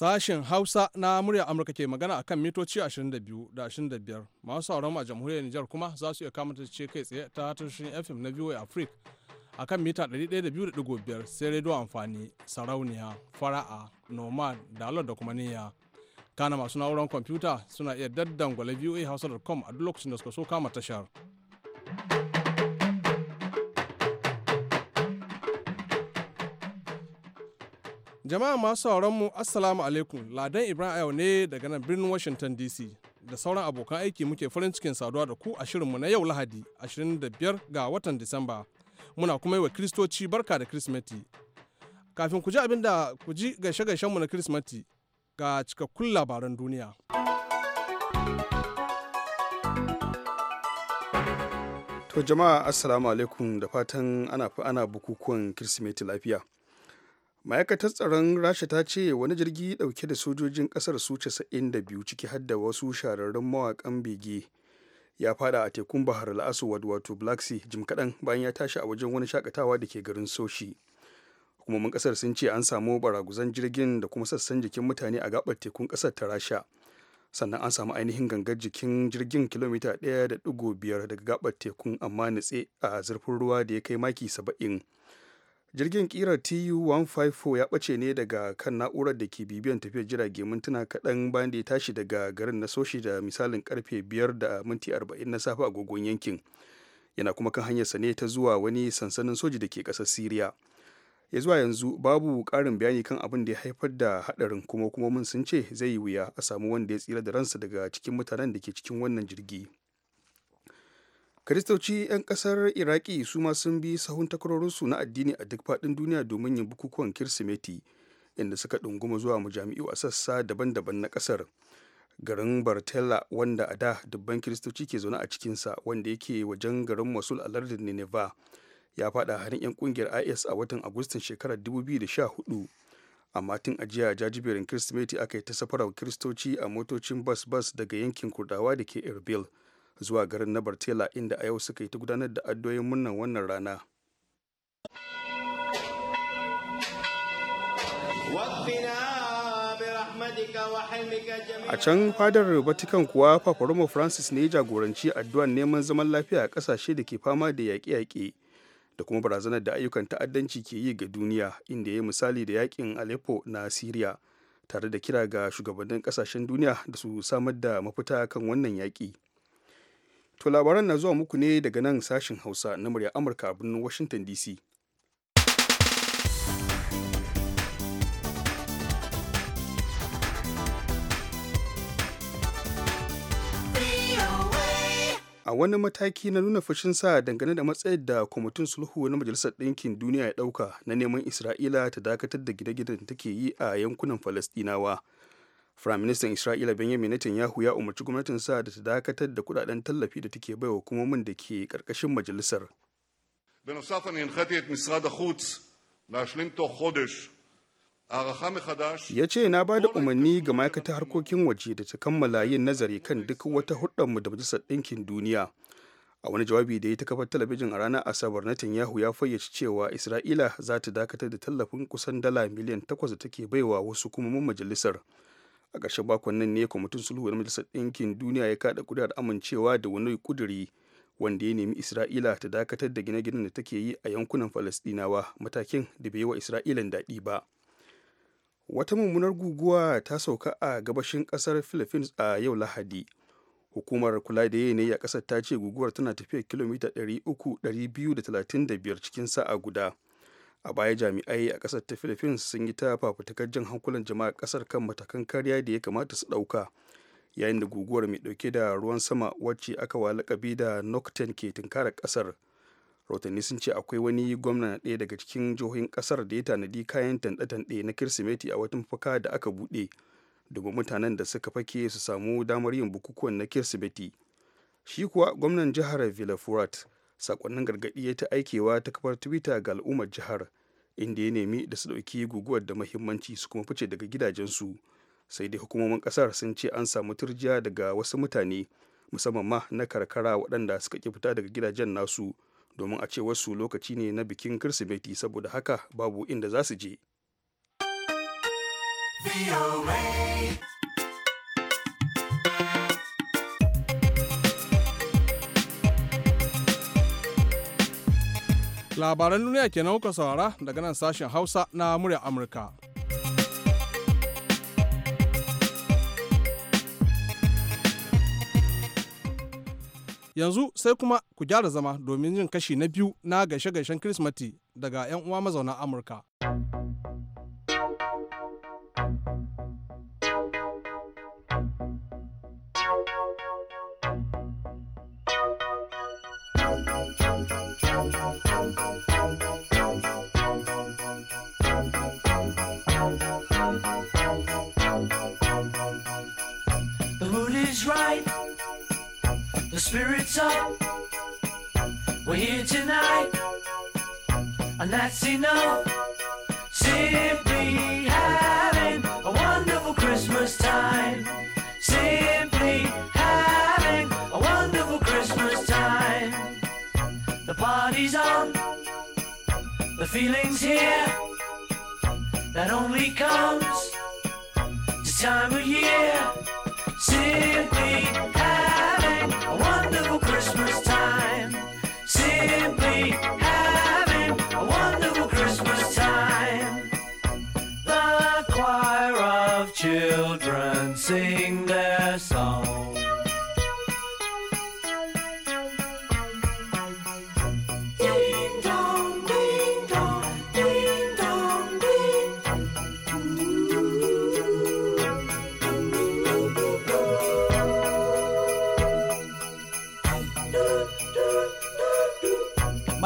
Sashen Hausa na murya Amurka ke magana a kan mitoci 22 da 25 masu sauran a jamhuriyar Nijar kuma za su iya kamata ce kai tsaye ta shirin FM na VOA Africa a kan mita 102.5 sai rediyo amfani sarauniya fara'a nomad dalar da kuma niyya kana masu na'urar kwamfuta suna iya daddan daddangwale voa hausa.com a duk lokacin da suka so kama tashar. Jama'a masu sauran mu Assalamu alaikum Ladan Ibrahim Ayo ne daga nan birnin Washington DC da sauran abokan aiki muke farin cikin saduwa da ku a shirinmu na yau Lahadi 25 ga watan Disamba. Muna kuma yi wa Kiristoci barka da kirismeti Kafin ku ji abin da ku ji gaishe-gaishenmu na kirismeti ga cikakkun labaran duniya. To jama'a Assalamu alaikum da fatan ana bukukuwan Kirsimeti lafiya. ma'aikatar tsaron rasha ta ce wani jirgi dauke da sojojin kasar su 92 ciki har da wasu shahararrun mawakan bege ya fada a tekun bahar al'aswad wato black sea jim kaɗan bayan ya tashi a wajen wani shakatawa da ke garin soshi hukumomin kasar sun ce an samu baraguzan jirgin da kuma sassan jikin mutane a gabar tekun kasar ta rasha sannan an samu ainihin gangar jikin jirgin kilomita 1.5 daga gabar tekun amma nutse a zurfin ruwa da ya kai maki 70 jirgin kirar tu-154 ya bace ne daga kan na'urar da ke bibiyan tafiyar jirage mintuna kaɗan bayan da ya tashi daga garin na soshi da misalin karfe 5 da minti 40 na safe a gogon yankin yana kuma kan hanyarsa ne ta zuwa wani sansanin soji da ke ƙasar siriya ya zuwa yanzu babu ƙarin bayani kan abin da ya haifar da haɗarin kuma hukumomin sun ce zai yi wuya a samu wanda ya tsira da ransa daga cikin mutanen da ke cikin wannan jirgi Kiristoci 'yan kasar Iraki su ma sun bi sahun takwarorinsu na addini a duk faɗin duniya domin yin bukukuwan Kirsimeti, inda suka ɗunguma zuwa mujami'u a sassa daban-daban na ƙasar. Garin Bartella wanda a da dubban Kiristoci ke zaune a cikinsa wanda yake wajen garin Mosul a lardin nineva ya faɗa harin 'yan ƙungiyar IS a watan Agustan shekarar 2014. amma tun ajiya jajiberin kirsimeti aka yi ta safarar kiristoci a motocin bas-bas daga yankin kurdawa da ke erbil zuwa garin na bartela inda a yau suka yi ta gudanar da addoyin murnar wannan rana a can fadar vatican kuwa paparoma francis ne ya jagoranci addu'ar neman zaman lafiya a kasashe da ke fama da yaƙe-yaƙe da kuma barazanar da ayyukan ta'addanci ke yi ga duniya inda ya yi misali da yaƙin aleppo na syria tare da kira ga shugabannin kasashen duniya da su samar da mafita kan wannan yaƙi To labaran na zuwa muku ne daga nan sashin Hausa na murya Amurka a birnin Washington DC. a wani mataki na nuna sa dangane da matsayar da kwamitin sulhu na majalisar ɗinkin duniya ya ɗauka na neman isra'ila ta dakatar da gidagidan gidan da take yi a yankunan falastinawa Firaministan Isra'ila Benjamin Netanyahu ya umarci gwamnatin sa da ta dakatar da kudaden tallafi da take baiwa hukumomin da ke karkashin majalisar. בנוסף אני הנחיתי ya ce na ba da umarni ga ma'aikatar harkokin waje da ta kammala yin nazari kan duk wata hudunmu da majalisar ɗinkin duniya a wani jawabi da ya ta kafar talabijin a ranar asabar netanyahu ya fayyace cewa isra'ila za ta dakatar da tallafin kusan dala miliyan takwas da take baiwa wasu kuma majalisar majalisar a ƙarshen bakon nan ne kwamitin sulhu na majalisar ɗinkin duniya ya kaɗa da amincewa da wani kuduri wanda ya nemi isra'ila ta dakatar da gine-ginen da take yi a yankunan falastinawa matakin da bai yi wa isra'ilan daɗi ba wata mummunar guguwa ta sauka a gabashin ƙasar philippines a yau lahadi hukumar kula da yanayi a ƙasar ta ce guguwar tana tafiya kilomita biyar cikin sa'a guda a baya jami'ai a ƙasar ta philippines sun yi ta fafutukar jan hankulan jama'a kasar kan matakan kariya da ya kamata su ɗauka yayin da guguwar mai ɗauke da ruwan sama wacce aka wa lakabi da nocturne ke tunkarar ƙasar rahotanni sun ce akwai wani gwamna ɗaya daga cikin jihohin kasar da ya tanadi kayan tanɗe-tanɗe na kirsimeti a wata mafaka da aka buɗe domin mutanen da suka fake su samu damar yin bukukuwan na kirsimeti shi kuwa gwamnan jihar villafurat sakonnin gargaɗi ya ta aikewa ta kafar twitter ga al'ummar jihar inda ya nemi da su ɗauki guguwar da mahimmanci su kuma fice daga gidajensu sai dai hukumomin ƙasar sun ce an samu turjiya daga wasu mutane musamman ma na karkara waɗanda suka ƙi fita daga gidajen nasu domin a ce wasu lokaci ne na bikin kirsimeti saboda haka babu inda za su je. labaran duniya kenan kuka saurara daga nan sashen hausa na murya amurka yanzu sai kuma ku gyara zama domin jin kashi na biyu na gaishe-gaishen kirismati daga 'yan uwa mazauna amurka. spirits up. We're here tonight, and that's enough. Simply having a wonderful Christmas time. Simply having a wonderful Christmas time. The party's on, the feeling's here. That only comes this time of year. Simply Christmas time. Simply having a wonderful Christmas time. The choir of children sing.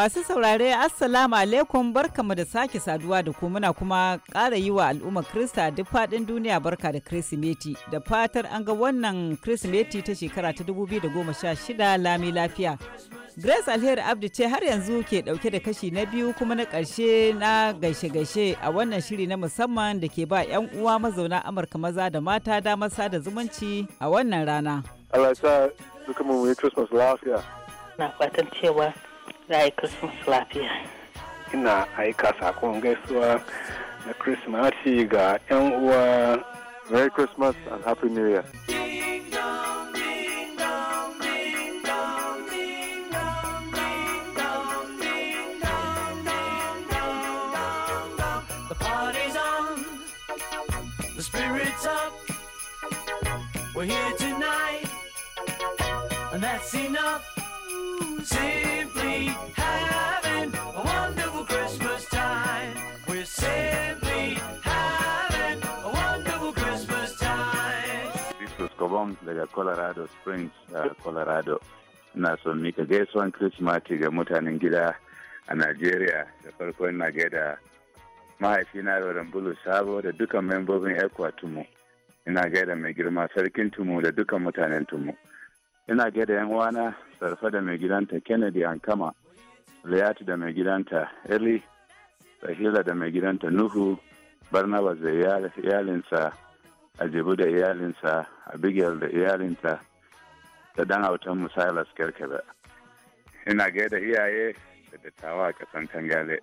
Masu saurare Assalamu alaikum barkamu da sake saduwa da ku muna kuma ƙara yi wa al'ummar Krista duk faɗin duniya barka da Kirsimeti da fatar an ga wannan Kirsimeti ta shekara ta 2016 lami lafiya. Grace Alheri Abdi ce har yanzu ke ɗauke da kashi na biyu kuma na ƙarshe na gaishe-gaishe a wannan shiri na musamman da ke ba 'yan uwa mazauna Amurka maza da mata damar sada zumunci a wannan rana. Allah ya sa mu yi Christmas lafiya. Na fatan cewa Merry Christmas lafiya. Ina aika sakon gaisuwa na Christmas ga 'yan uwa. Merry Christmas and Happy New Year. We're here tonight, and that's enough. a a daga Colorado Springs, uh, Colorado. Ina son mika gaisuwan Kirsimati ga mutanen gida a Najeriya da farko ina gaida mahaifina Rodan Bulu Sabo da dukkan membobin Ekwa Tumu. Ina gaida mai girma sarkin Tumu da dukkan mutanen Tumu. Ina gaida 'yan uwana sarfa da mai gidanta kennedy ankama layatu da mai gidanta eli sahila da mai gidanta nuhu barnabas da iyalinsa ajibu da iyalinsa abigail da iyalinta da dan autan musailas kerkebe ina gaida iyaye da dattawa a kasan tangale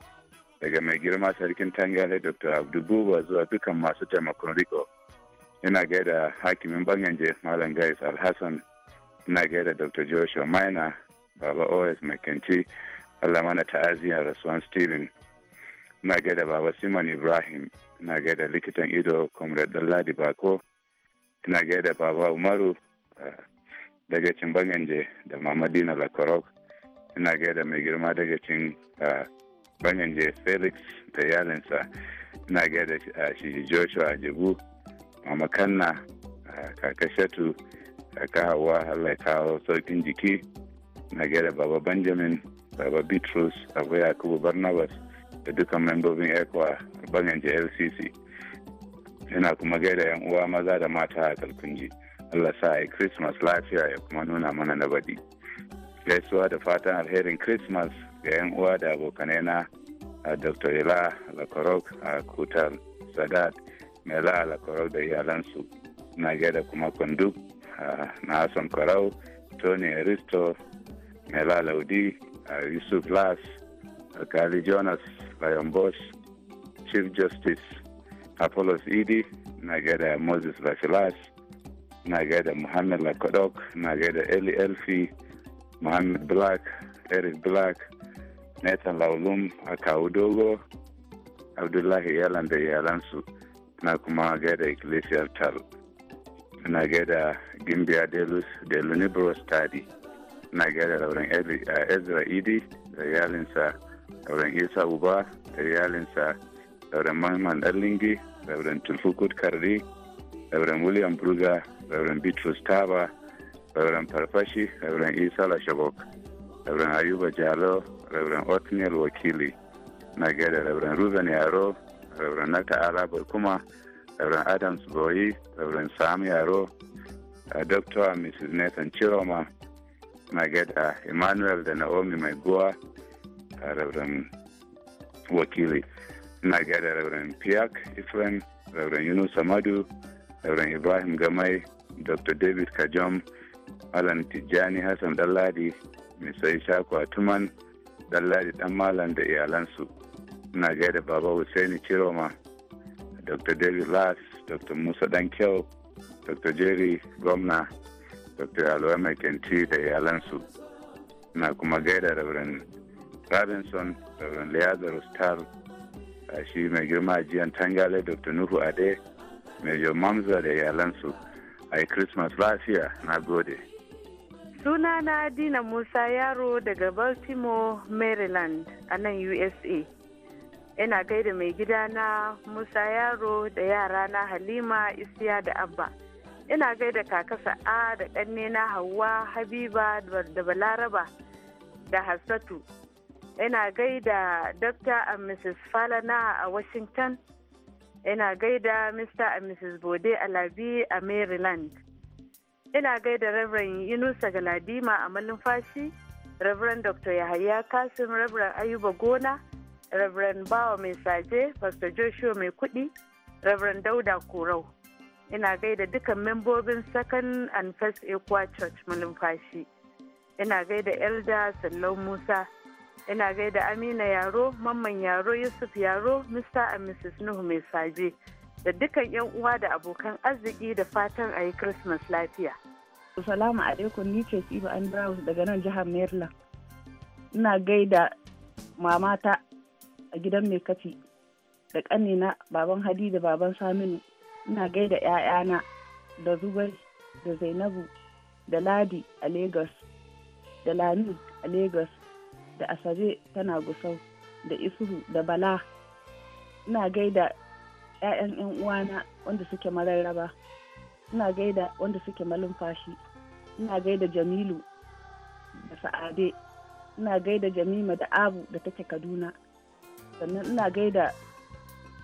daga mai girma sarkin tangale dr abdubuwa zuwa dukan masu taimakon riko ina gaida hakimin banganje malam gais alhassan na gaida dr joshua maina baba os mckenty allah mana ta'aziyya rasuwan steven na gaida baba Simon ibrahim na gaida likitan ido comrade dalladi bako ina gaida baba umaru eh, daga cin banganje da mamadina lakorok ina gaida mai girma daga cin eh, banganje felix da yalinsa ina gaida eh, shi joshua jibu mama kanna kakashatu da hawa Allah kawo saukin jiki na gare baba benjamin baba bitrus abu yakubu barnabas da duka membobin ecowa bangan lcc yana kuma gaida yan uwa maza da mata a kalkunji Allah sa a Christmas lafiya ya kuma nuna mana na baɗi. Gaisuwa da fatan alherin Christmas ga 'yan uwa da abokanai na Dr. Ila Lakorok a Kutar Sadat, Mela Lakorok da iyalansu, na gaida kuma Kunduk na Hassan Kwarau, Tony Aristo, Mela Laudi, uh, Yusuf Las, uh, Kali Jonas Lion Bosch, Chief Justice Apollos Idi, na gaida Moses Bachelas, na gaida Muhammad Lakodok, na Eli Elfi, Muhammad Black, Eric Black, Nathan Laulum, Dogo, Abdullahi Yalan da iyalansu, na kuma gada Ecclesial Tal. Na gaida gimbiya delus da lunibro study Na gaida rauren eh, ezra idi da iyalinsa rauren isa uba da iyalinsa rauren mahimman ɗarlingi rauren tulfukut kardi rauren william bruga rauren bitrus taba rauren farfashi rauren isa lashabok rauren ayuba jalo rauren Othniel wakili na gaida rauren ruben yaro rauren nata alabar kuma Reverend Adams Boyi, Reverend Sam Yaro, uh, Dr. Mrs. Nathan Chiroma, na uh, Emmanuel da Naomi Mai uh, Reverend Wakili, na gaida uh, Reverend Piak Ifren, Reverend Yunus Amadu, Reverend Ibrahim Gamai, Dr. David Kajom, alan Tijjani Hassan Dalladi, Mr. Ishaku Atuman, Dalladi Dan Malam da iyalansu. Na gaida Baba Hussaini Chiroma, dr david las dr musa dankel dr jerry gomna dr alwa mckinty da iyalansu na kuma gaida reverend robinson reverend leazar star shi mai girma jiyan tangale dr nuhu ade major mamza da iyalansu a yi christmas lafiya na gode sunana dina musa yaro daga baltimore maryland a nan usa yana gaida mai gida na musa yaro da yara na halima isiya da abba ina gaida kaka sa'a da ƙanne na hawa habiba da balaraba da hassatu ina gaida dr and mrs falana a washington ina gaida mr and mrs bode alabi a maryland ina gaida reverend yunusa galadima a malumfashi reverend dr yahaya kasim reverend ayuba gona Reverend Bawa Mai Saje, Pastor Joshua Mai Kudi, Reverend Dauda Kurau. Ina gaida dukan membobin Second and First Equa Church Mulumfashi. Ina gaida Elda Sallau Musa. Ina gaida Amina Yaro, Mamman Yaro, Yusuf Yaro, Mr. and Mrs. Nuhu Mai Saje. Da dukan 'yan uwa da abokan arziki da fatan a yi Christmas lafiya. Salamu alaikum ni ce Siba Andrews daga nan jihar Maryland. Ina gaida mamata a gidan mai kafi da ƙanina baban hadi da baban saminu ina gaida 'ya'yana da zubai da zainabu da ladi a lagos da lami a lagos da asabe tana gusau da isuhu da bala ina gaida 'ya'yan 'yan uwana wanda suke mararraba ina gaida wanda suke malumfashi ina gaida jamilu da sa'ade ina gaida jamima da abu da take kaduna sannan ina gaida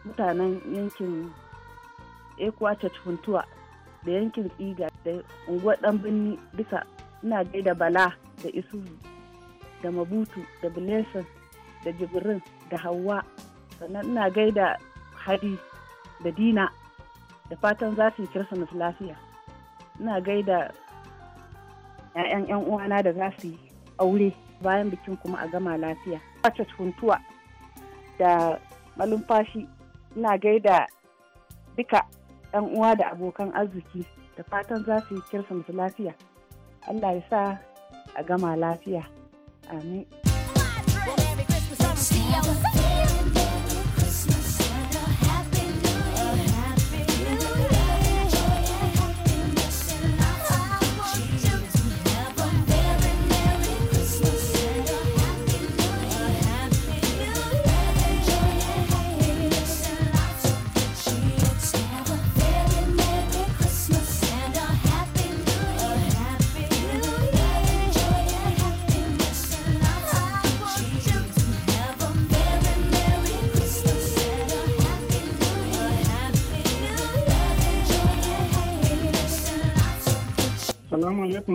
mutanen yankin ekuwa church da yankin tsiga da unguwar dan birni duka ina gaida bala da isuzu da mabutu da blessing da jibrin da hawa sannan ina gaida hadi da dina da fatan za su yi lafiya ina gaida 'ya'yan 'yan uwana da za su yi aure bayan bikin kuma a gama lafiya. Church Huntuwa da malumfashi ina gaida duka yan uwa da abokan arziki da fatan za su yi masu lafiya allah ya sa a gama lafiya amin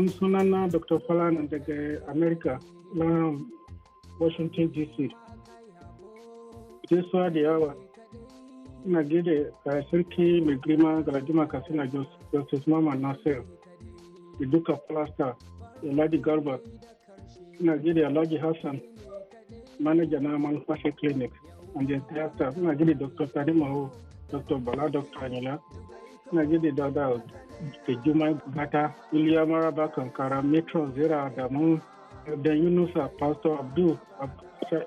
sunana dr falana daga america na um, washington dc gaisuwa da yawa ina gida a sarki mai girma ga galadima kasina joseph mama nasir da duka plasta da ladi garba ina gida alhaji hassan manaja na manufashe clinic and the theater ina gida dr tadimaho dr bala dr anila ina gida dada da jumai bata iliya maraba kankara metro zira da mu da yunusa pastor abdul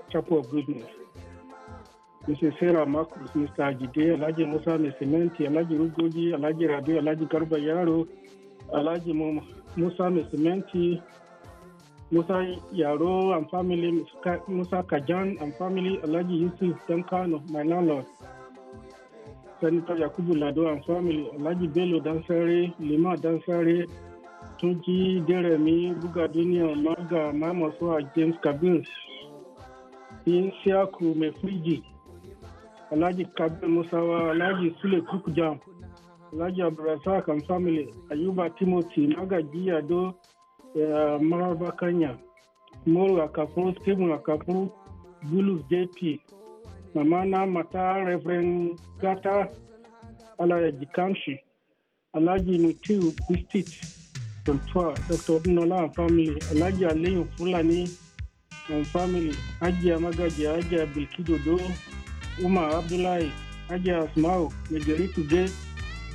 chapel of goodness Mrs. Sarah Marcus, Mr. Gide, Alhaji Musa Mai Simenti, Alhaji Rugogi, Alhaji Rabi, Alhaji Garba Yaro, Alhaji Musa Mai Simenti, Musa Yaro and family, Musa Kajan and family, Alhaji Yusuf kano my landlord. sẹ́nitọ́ yakubu lado and family alhaji bello dansare lima dansare tunji deremi bugaduniya maga mamosoa james kabir isiaku mefriji alhaji kabir musawa alhaji sule kukujam alhaji abdulrasak and family ayuba timothy magaji ado uh, eh, maraba kanya moro akapuru stephen akapuru bulus jp mamana mata reverend gata alayajikamshi alhaji nutiu kustit tontoa dr odunola family alhaji aliyu fulani and family aji magajiya aji bilkidodo umar abdullahi hajiya asmau majority gate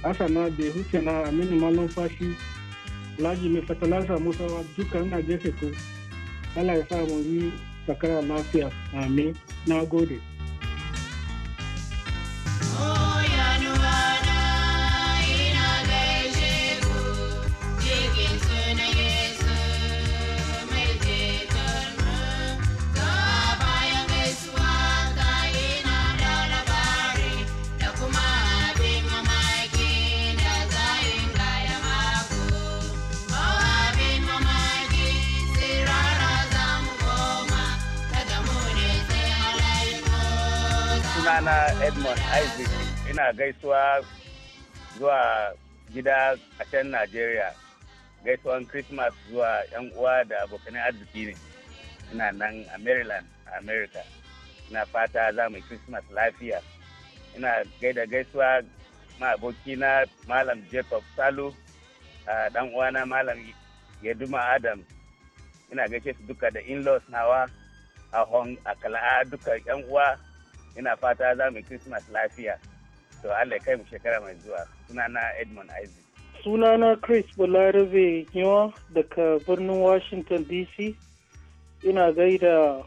hasana de husena aminu malumfashi alhaji mai fatalasa musawa duka ina gefe ko allah ya sa mu yi sakara lafiya amin na gode sunana edmund isaac ina gaisuwa zuwa gida a can najeriya gaisuwan christmas zuwa yan uwa da abokan arziki ne ina nan a maryland a america ina fata za mu christmas lafiya ina gaida gaisuwa ma abokina malam jacob salu a dan uwana malam yaduma adam ina gaishe su duka da in-laws nawa a hong a kala'a duka yan uwa ina fata za mu Christmas lafiya to Allah kai mu shekara mai zuwa sunana Edmund Isaac sunana Chris bularabe Yiwa daga birnin Washington DC ina gaida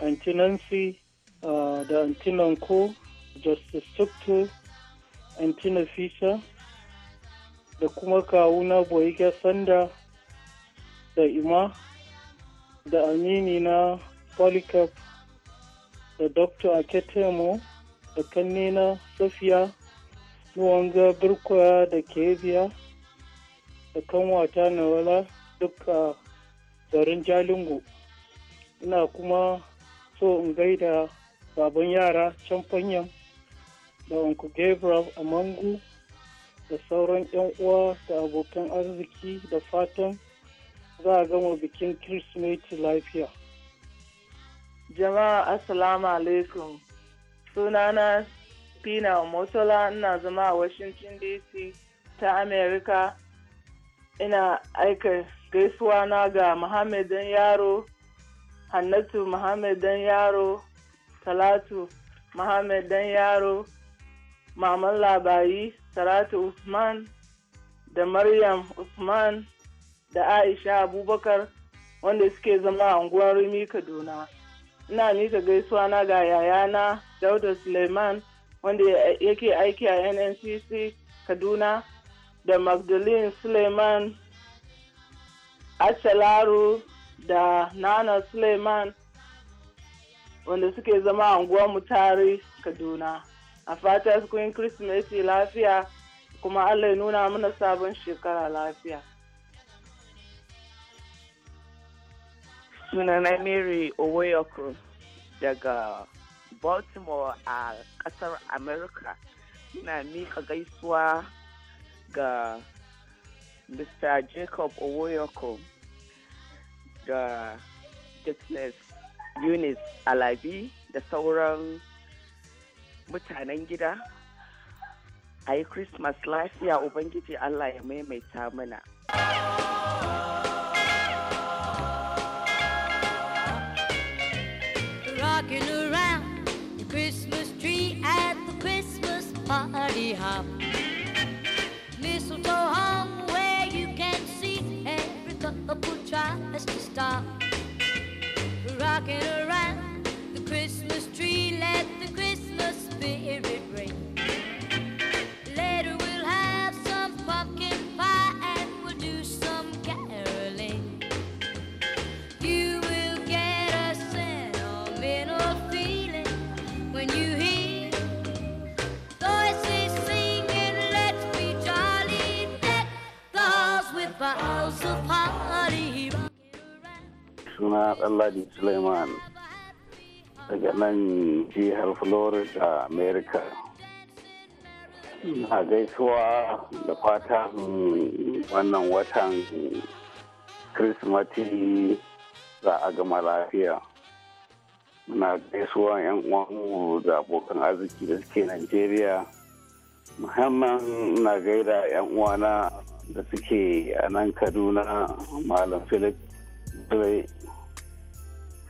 Aunty Nancy uh, da antinanko Nanko Justice tuktu da kuma kawuna Boyega Sanda da Ima da amini na Polycarp da Dr. Aketemo da kannina Safiya Nuwanga Birkwaya da Kebiya da kanwata Nawala duk a garin Jalingo. Ina kuma so in gaida baban yara can fanyan da Uncle Gabriel a Mangu da sauran 'yan uwa da abokan arziki da fatan za a gama bikin Kirsimeti lafiya. Jama'a Assalamu alaikum. Sunana Pina Motola ina zama a Washington DC ta Amerika. Ina aika gaisuwa na ga Muhammad dan yaro, Hannatu Muhammad dan yaro, Talatu Muhammad dan yaro, Maman Labayi, Saratu Usman, da Maryam Usman, da Aisha Abubakar wanda suke zama a unguwar Rumi Kaduna. ina ga gaisuwa na ga yayana dauda suleiman wanda yake aiki a nncc kaduna da magdalene suleiman Achalaru da Nana Suleiman wanda suke zama a mu tare Kaduna. A fata kun Kirsimeti lafiya kuma Allah ya nuna mana sabon shekara lafiya. Sunana Mary Owoyoko daga Baltimore a ƙasar America. Ina mika gaisuwa ga Mr. Jacob Owoyoko da Dixness Eunice Alabi da sauran mutanen gida. A yi Christmas lafiya Ubangiji Allah ya maimaita mana. rocking around the Christmas tree at the Christmas party hop. Mistletoe hung where you can see every couple tries to stop. Rocking around the Christmas tree, let the Christmas spirit suna Ɗanladi Suleiman daga nan jihar Florida, America. na gaisuwa da fatan wannan watan Kirsimati za a gama lafiya. Muna gaisuwa 'yan uwanmu da abokan arziki da suke Najeriya. Muhammad na gaida 'yan uwana da suke a nan kaduna malam philip Billy,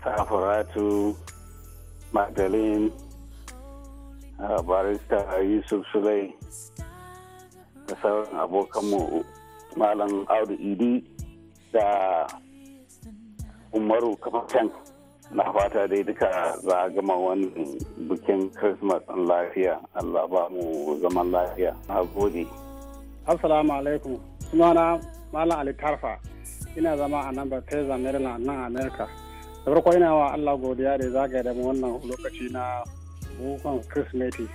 Safaratu, Magdalene, barista Yusuf Sulai, da sauran abokanmu Malam Audu Idi da Umaru Kamatan. na fata dai duka za a gama wannan bikin christmas an lafiya allah ba mu zaman lafiya na gode assalamu alaikum sunana malam ali tarfa ina zama a nan Bethesda, Maryland nan America. Da farko ina wa Allah godiya da zagaya da mu wannan lokaci na bukon Kirsimeti.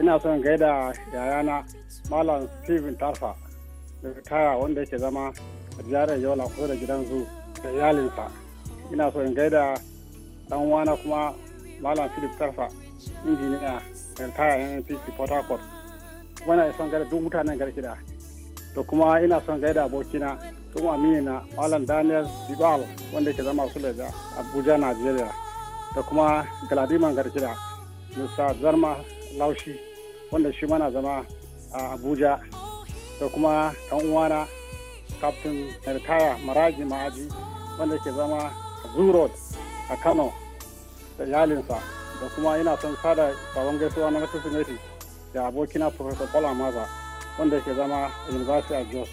Ina son gaida yayana Malam Steven Tarfa da taya wanda yake zama a jihar Yola kusa da gidan zu da iyalinsa. Ina son gaida dan wana kuma Malam Philip Tarfa injiniya da taya NPC Port Harcourt. Kuma ina son gaida duk mutanen garkida. da kuma ina son gaida abokina kuma amina alan daniel dibal wanda ke zama su da abuja nigeria da kuma galadiman garjira musa zarma laushi wanda shi mana zama a abuja da kuma ɗan uwana captain ritaya maraji ma'aji wanda ke zama a zurod a kano da yalinsa da kuma ina son sada sabon gaisuwa na masu da abokina professor kola wanda ke zama university of jos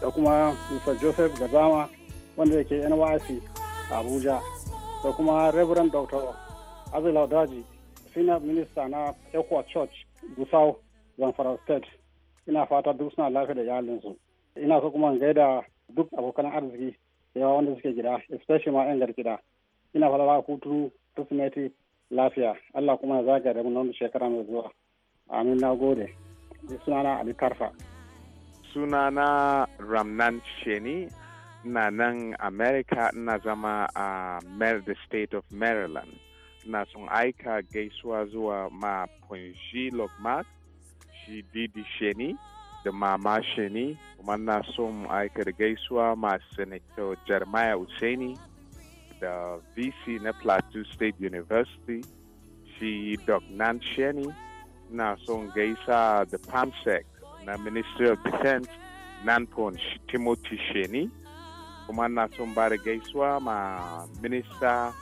da kuma mr joseph gazama wanda yake nyc abuja da kuma reverend dr azila daji senior minister na equa church gusau zamfara state ina fata duk suna lafiya da yalinsu ina so kuma gaida duk abokan arziki da yawa wanda suke gida especially ma 'yan gida ina fata za hutu kirsimeti lafiya allah kuma ya zagaya da mu shekara mai zuwa amin na gode sunana ali karfa suna na ramnan sheni na nan america na zama a uh, the state of maryland na sun aika gaisuwa zuwa ma punji lokmak shi didi sheni da mama sheni kuma na son aika da gaisuwa ma senator jeremiah Hussaini da vc na plateau state university shi Nan sheni na sun gaisa da pamsec na Ministry of Defense Nanpon Timothy Sheni, Kumana Sombare Geiswa, my Minister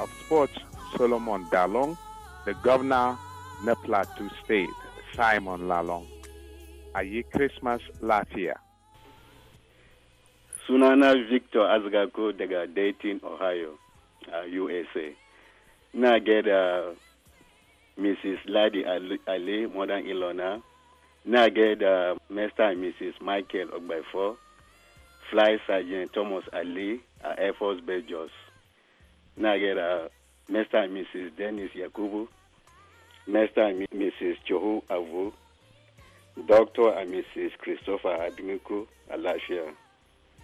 of Sports Solomon Dalong, the Governor Neplatu State Simon Lalong. A yi Christmas lafiya. Sunana Victor Azgako daga Dayton, Ohio, uh, USA. Na get uh, Mrs. Ladi Ali Modern Ilona Now uh, Mr. and Mrs. Michael Ogbaifo, Flight Sergeant Thomas Ali, uh, Air Force Bejos. Now uh, Mr. and Mrs. Dennis Yakubu, Mr. and Mrs. Chohu Avu, Dr. and Mrs. Christopher Adimiku Alashia.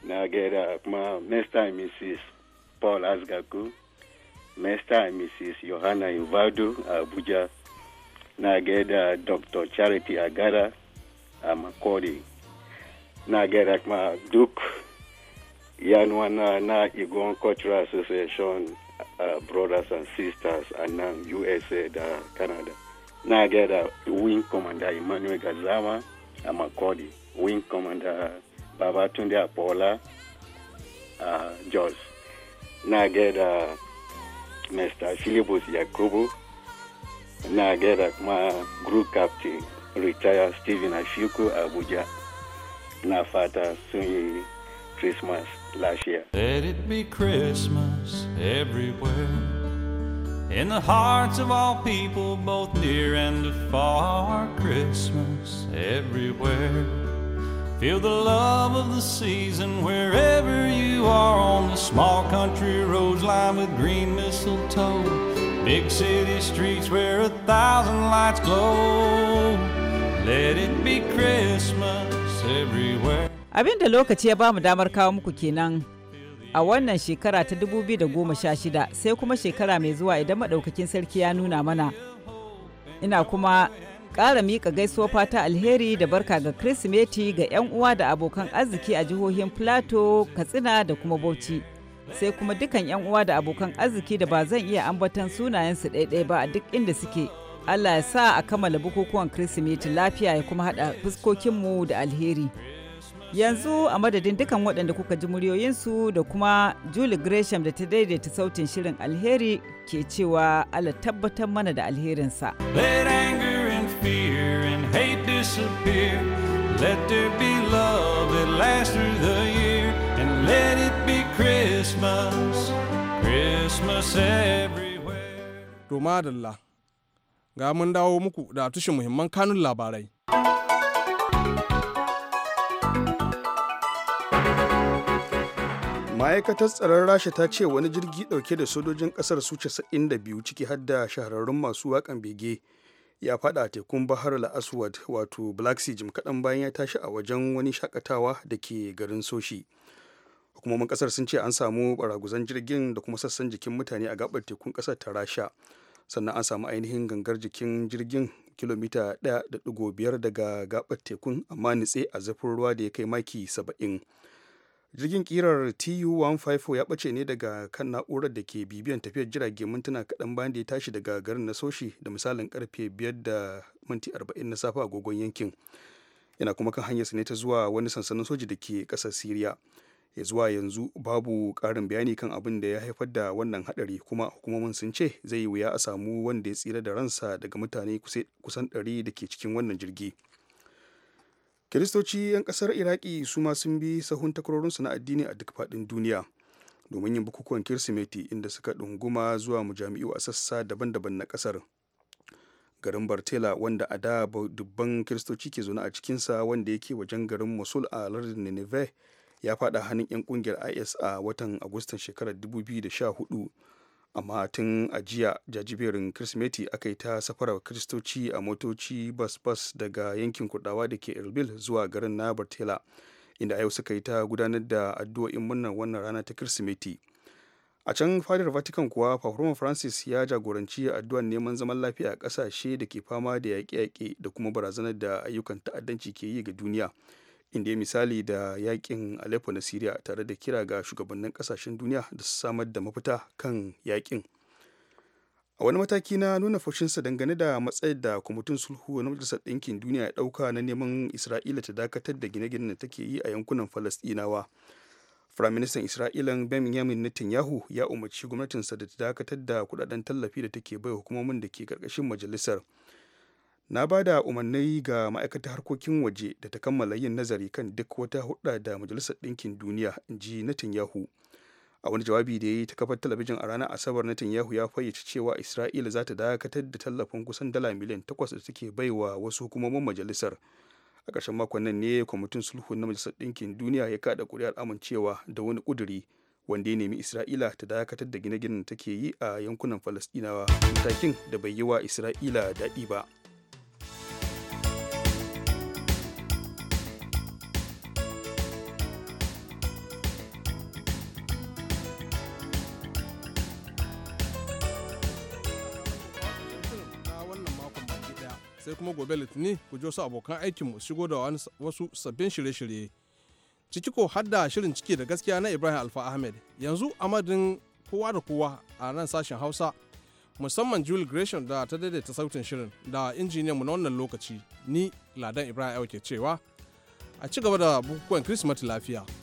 Now uh, Mr. and Mrs. Paul Asgaku, Mr. and Mrs. Johanna Invado Abuja. na gaida dr charity agara a makori na gaida kuma duk yanuwa na, na igon cultural association uh, brothers and sisters a nan usa da canada na gaida wing commander emmanuel gazama a makori wing commander babatunde apola a uh, jos na gaida mr philippus yakubu naagera kuma group captain retire Stephen Ashiku Abuja. Na fata sun Christmas last year. Let it be Christmas everywhere. In the hearts of all people, both near and far, Christmas everywhere. Feel the love of the season wherever you are on the small country roads lined with green mistletoe. Big city streets where a thousand lights glow. Let it be Christmas everywhere. Abin da lokaci ya bamu damar kawo muku kenan a wannan shekara ta 2016 sai kuma shekara mai zuwa idan maɗaukakin sarki ya nuna mana. Ina kuma ƙara miƙa gaisuwa fata alheri da barka ga Kirsimeti ga 'yan uwa da abokan arziki a jihohin Plateau, Katsina da kuma Bauchi. sai kuma dukan 'yan uwa da abokan arziki da ba zan iya ambaton sunayensu ɗaiɗai ba a duk inda suke. Allah ya sa a kammala bukukuwan Kirsimeti lafiya ya kuma haɗa fuskokinmu da alheri. Yanzu a madadin dukan waɗanda kuka ji muryoyinsu da kuma Julie Gresham da ta daidaita sautin shirin alheri ke cewa Allah tabbatar mana da alherinsa. Let there be love that lasts through the year and let Christmas, Christmas everywhere. Madalla, ga mun dawo muku da tushen muhimman kanun labarai. ma'aikatar tsaron rasha ta ce wani jirgi dauke da sojojin kasar su biyu ciki har da shahararrun masu wakan bege ya fada tekun bahar al-aswad wato black sea jim kaɗan bayan ya tashi a wajen wani shakatawa da ke garin soshi hukumomin kasar sun ce an samu baraguzan jirgin da kuma sassan jikin mutane a gabar tekun kasar ta rasha sannan an samu ainihin gangar jikin jirgin kilomita 1.5 daga gabar tekun amma nitse a zafin ruwa da ya kai maki 70 jirgin kirar tu-154 ya bace ne daga kan na'urar da ke bibiyan tafiyar jirage mintuna kaɗan bayan da ya tashi daga garin na soshi da misalin karfe 5 da minti 40 na safe agogon yankin yana kuma kan hanyar hanyarsa ne ta zuwa wani sansanin soji da ke ƙasar siriya ya zuwa yanzu babu ƙarin bayani kan abin da ya haifar da wannan hadari kuma hukumomin sun ce zai yi wuya a samu wanda ya tsira da ransa daga mutane kusan ɗari da ke cikin wannan jirgi kiristoci 'yan ƙasar iraki su ma sun bi sahun takwarorinsu na addini a duk faɗin duniya domin yin bukukuwan kirsimeti inda suka ɗunguma zuwa mujami'u a sassa daban-daban na ƙasar garin bartela wanda a da dubban kiristoci ke zaune a cikinsa wanda yake wajen garin mosul a lardin nineveh ya fada hannun 'yan kungiyar is a watan agustan shekarar 2014 amma tun a jiya jajiberin kirsimeti aka yi ta safarar kiristoci a motoci bas-bas daga yankin kudawa da ke erbil zuwa garin na bartela inda yau suka yi ta gudanar da addu'o'in murnar wannan rana ta kirsimeti a can fadar vatican kuwa papa francis ya jagoranci addu'ar neman zaman lafiya a kasashe da ke fama da yaƙe-yaƙe da kuma barazanar da ayyukan ta'addanci ke yi ga duniya inda ya misali da yakin Aleppo na Syria tare da kira ga shugabannin kasashen duniya da su samar da mafita kan yakin. A wani mataki na nuna fushinsa dangane da matsayar da kwamitin sulhu na Majalisar Ɗinkin Duniya ya ɗauka na neman Isra'ila ta dakatar da gine gine da take yi a yankunan Falasɗinawa. Firaministan Isra'ilan Benjamin Netanyahu ya umarci gwamnatinsa da ta dakatar da kudaden tallafi da take bai hukumomin da ke karkashin majalisar. na ba da umarni ga ma'aikatar harkokin waje da ta kammala yin nazari kan duk wata hudda da majalisar ɗinkin duniya in ji yahu a wani jawabi da ya yi ta kafar talabijin a ranar asabar yahu ya fayyace cewa isra'ila za ta dakatar da tallafin kusan dala miliyan takwas da take wa wasu hukumomin majalisar a ƙarshen makon nan ne kwamitin sulhu na majalisar ɗinkin duniya ya kaɗa ƙuri'ar amincewa da wani ƙuduri wanda ya nemi isra'ila ta dakatar da gine-ginen take yi a yankunan falastinawa matakin da bai yi wa isra'ila daɗi ba kuma gobe litini ku ji wasu abokan aikinmu shigo da wasu sabbin shirye-shirye ciki ko hadda shirin ciki da gaskiya na ibrahim alfa ahmed yanzu a kowa da kowa a nan sashen hausa musamman julie gresham da ta daidaita sautin shirin da injiniyan mu na wannan lokaci ni ladan ibrahim ke cewa a ci gaba da bukukuwan kirsimeti lafiya